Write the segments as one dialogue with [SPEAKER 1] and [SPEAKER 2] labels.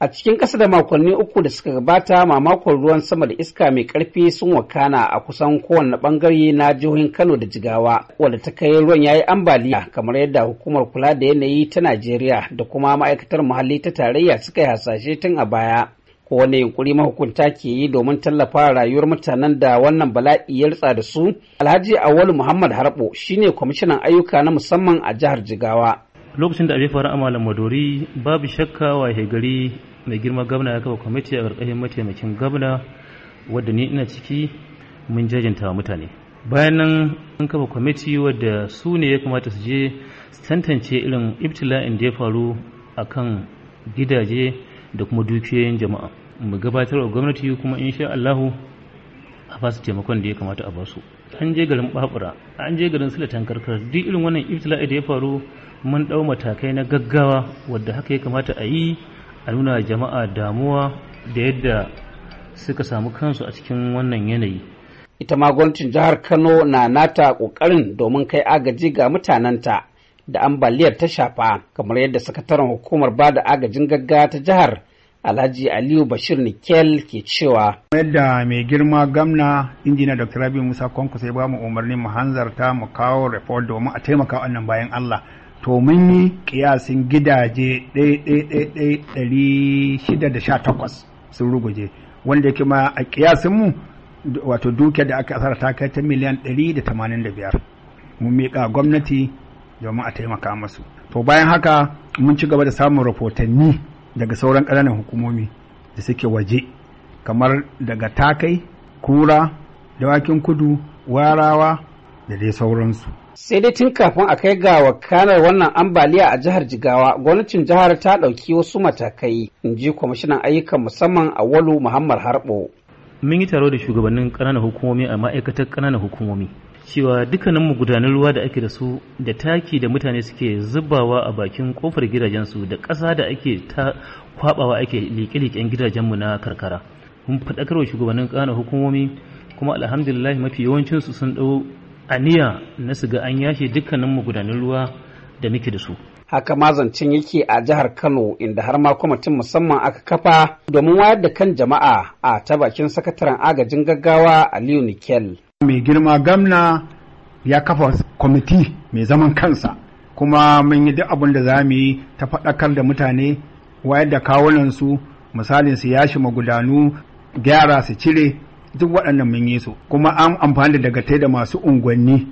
[SPEAKER 1] A cikin ƙasa da makonni uku da suka gabata mamakon ruwan sama da iska mai ƙarfi sun wakana a kusan kowane ɓangare na jihohin Kano da Jigawa, wadda ta kai ruwan ya yi ambaliya kamar yadda hukumar kula da yanayi ta Najeriya da kuma ma'aikatar muhalli ta tarayya suka yi hasashe tun a baya. Kowane yunkuri mahukunta ke yi domin tallafa rayuwar mutanen da wannan bala'i ya rutsa da su, Alhaji Awolu Muhammad Harbo shine kwamishinan ayyuka na musamman a jihar Jigawa.
[SPEAKER 2] lokacin da abin jefa ra'ama malam madori babu shakka wa gari mai girma gabna ya kafa kwamiti a ƙarƙashin mataimakin gabna wadda ni ina ciki mun jajinta mutane bayan nan an kafa kwamiti wadda su ne ya kamata su je su tantance irin ibtila'in da ya faru a kan gidaje da kuma dukiyoyin jama'a mu gabatar wa gwamnati kuma insha Allahu a basu taimakon da ya kamata a basu an je garin babura an je garin silatan karkar duk irin wannan ibtila'i da ya faru mun dau matakai na gaggawa wadda haka ya kamata a yi a nuna jama'a damuwa da yadda suka samu kansu a cikin wannan yanayi
[SPEAKER 1] ita ma gwamnatin jihar kano na nata kokarin domin kai agaji ga mutanenta da ambaliyar ta shafa kamar yadda sakataren hukumar bada agajin gaggawa ta jihar Alhaji Aliyu Bashir Nikel ke cewa.
[SPEAKER 3] Yadda mai girma gamna injina Dr. Rabi Musa Kwanku sai ba mu umarni mu hanzarta mu kawo report domin a taimaka wannan bayan Allah. To mun yi kiyasin gidaje shida da sha takwas sun ruguje wanda yake ma a kiyasin mu wato duke da aka asara ta kai ta miliyan ɗari da da tamanin biyar. mun miƙa gwamnati domin a taimaka masu. To bayan haka mun ci gaba da samun rahotanni daga sauran ƙananan hukumomi da suke waje kamar daga takai kura dawakin kudu warawa da dai sauransu
[SPEAKER 1] sai dai tun kafin a kai ga wakanar wannan ambaliya a jihar jigawa gwamnatin jihar ta ɗauki wasu matakai in ji kwamishinan ayyukan musamman a walu muhammad harbo
[SPEAKER 2] mun yi taro da shugabannin ƙananan hukumomi a ma'aikatar ƙananan hukumomi cewa dukkanin magudanan ruwa da ake da su da taki da mutane suke zubawa a bakin kofar gidajensu da ƙasa da ake ta kwabawa ake liƙe-liƙen gidajenmu na karkara mun faɗakarwa shugabannin ƙana hukumomi kuma alhamdulillah mafi yawancinsu sun ɗau aniya na su ga an yashe dukkanin magudanan ruwa da muke da su
[SPEAKER 1] haka mazancin yake a jihar kano inda har ma kwamitin musamman aka kafa domin wayar da kan jama'a a ta bakin sakataren agajin gaggawa aliyu nikel
[SPEAKER 3] mai girma gamna ya kafa kwamiti mai zaman kansa kuma mun yi duk abin da za mu yi ta faɗakar da mutane wayar da kawunansu misalin su yashi magudanu gyara su cire duk waɗannan mun yi su kuma an amfani da dagatai da masu unguwanni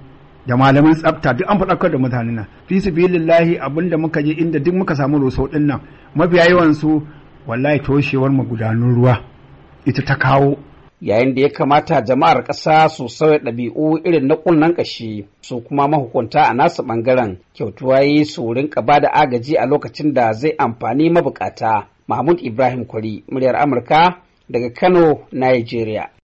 [SPEAKER 3] da malamin tsafta duk an faɗakar da mutane nan fi su lillahi abin da muka je inda duk muka samu roso ɗin nan mafiya yawan su wallahi toshewar magudanun ruwa ita ta kawo
[SPEAKER 1] yayin da ya kamata jama'ar ƙasa su sauya ɗabi'u irin na ƙunnan ƙashi su kuma mahukunta a nasu ɓangaren kyautuwa yi su rinka ba da agaji a lokacin da zai amfani mabukata mahmud ibrahim kwari muryar amurka daga kano nigeria